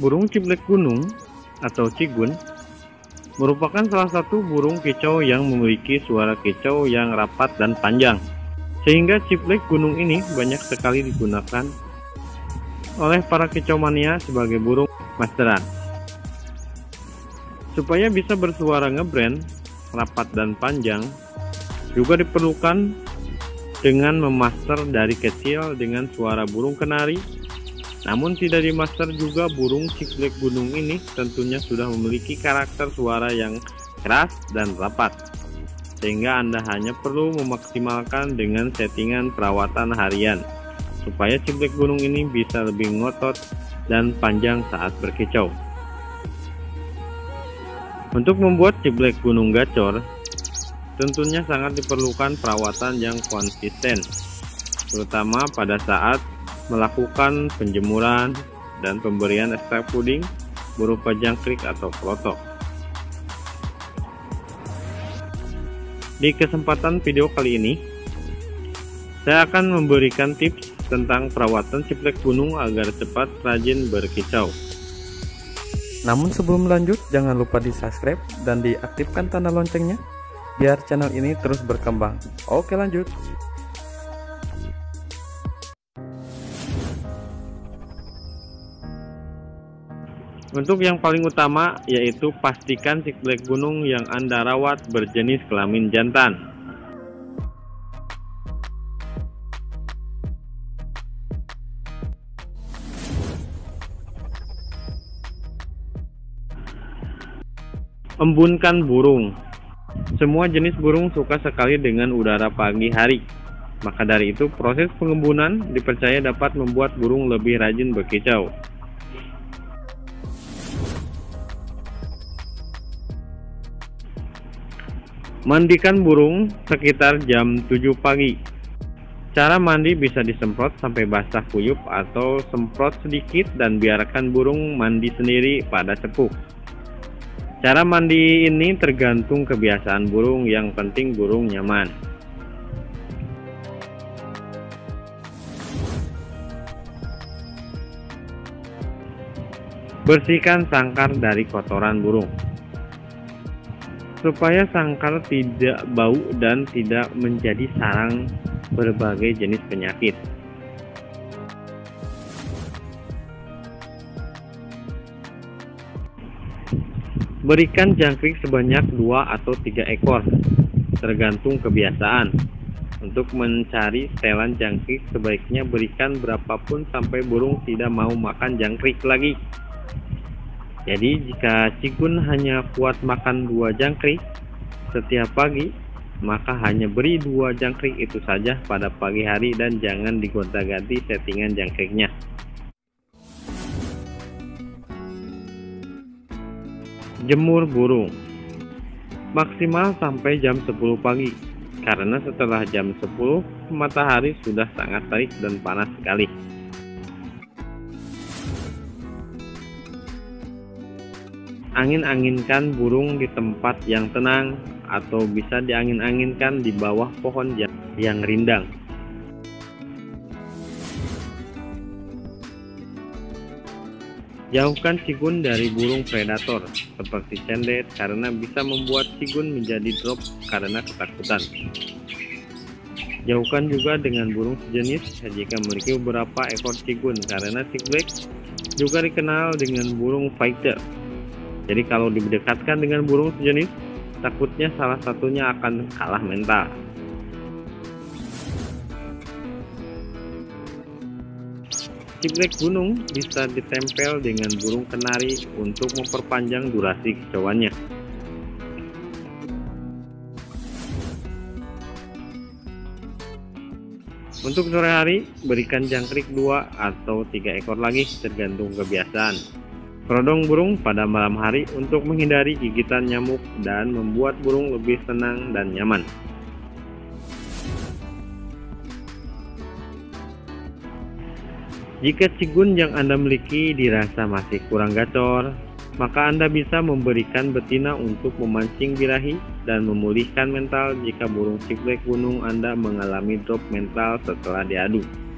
Burung ciblek gunung atau cigun merupakan salah satu burung kicau yang memiliki suara kicau yang rapat dan panjang. Sehingga ciblek gunung ini banyak sekali digunakan oleh para kicau mania sebagai burung masteran. Supaya bisa bersuara ngebrand, rapat dan panjang, juga diperlukan dengan memaster dari kecil dengan suara burung kenari namun tidak dimaster juga burung ciklek gunung ini tentunya sudah memiliki karakter suara yang keras dan rapat. Sehingga Anda hanya perlu memaksimalkan dengan settingan perawatan harian supaya ciblek gunung ini bisa lebih ngotot dan panjang saat berkicau. Untuk membuat ciblek gunung gacor, tentunya sangat diperlukan perawatan yang konsisten, terutama pada saat melakukan penjemuran dan pemberian ekstrak puding berupa jangkrik atau klotok. Di kesempatan video kali ini, saya akan memberikan tips tentang perawatan ciplek gunung agar cepat rajin berkicau. Namun sebelum lanjut, jangan lupa di subscribe dan diaktifkan tanda loncengnya, biar channel ini terus berkembang. Oke lanjut. Untuk yang paling utama yaitu pastikan siklek gunung yang Anda rawat berjenis kelamin jantan. Embunkan burung. Semua jenis burung suka sekali dengan udara pagi hari. Maka dari itu, proses pengembunan dipercaya dapat membuat burung lebih rajin berkicau. Mandikan burung sekitar jam 7 pagi. Cara mandi bisa disemprot sampai basah kuyup atau semprot sedikit dan biarkan burung mandi sendiri pada cepuk. Cara mandi ini tergantung kebiasaan burung, yang penting burung nyaman. Bersihkan sangkar dari kotoran burung supaya sangkar tidak bau dan tidak menjadi sarang berbagai jenis penyakit. Berikan jangkrik sebanyak dua atau tiga ekor, tergantung kebiasaan. Untuk mencari setelan jangkrik sebaiknya berikan berapapun sampai burung tidak mau makan jangkrik lagi. Jadi jika Cikun hanya kuat makan dua jangkrik setiap pagi, maka hanya beri dua jangkrik itu saja pada pagi hari dan jangan digonta-ganti settingan jangkriknya. Jemur burung maksimal sampai jam 10 pagi karena setelah jam 10 matahari sudah sangat terik dan panas sekali. angin-anginkan burung di tempat yang tenang atau bisa diangin-anginkan di bawah pohon yang rindang. Jauhkan sigun dari burung predator seperti cendet karena bisa membuat sigun menjadi drop karena ketakutan. Jauhkan juga dengan burung sejenis jika memiliki beberapa ekor sigun karena sigbek juga dikenal dengan burung fighter jadi kalau didekatkan dengan burung sejenis, takutnya salah satunya akan kalah mental. Ciblek gunung bisa ditempel dengan burung kenari untuk memperpanjang durasi kicauannya. Untuk sore hari, berikan jangkrik dua atau tiga ekor lagi tergantung kebiasaan. Rodong burung pada malam hari untuk menghindari gigitan nyamuk dan membuat burung lebih tenang dan nyaman. Jika cigun yang Anda miliki dirasa masih kurang gacor, maka Anda bisa memberikan betina untuk memancing birahi dan memulihkan mental jika burung ciblek gunung Anda mengalami drop mental setelah diadu.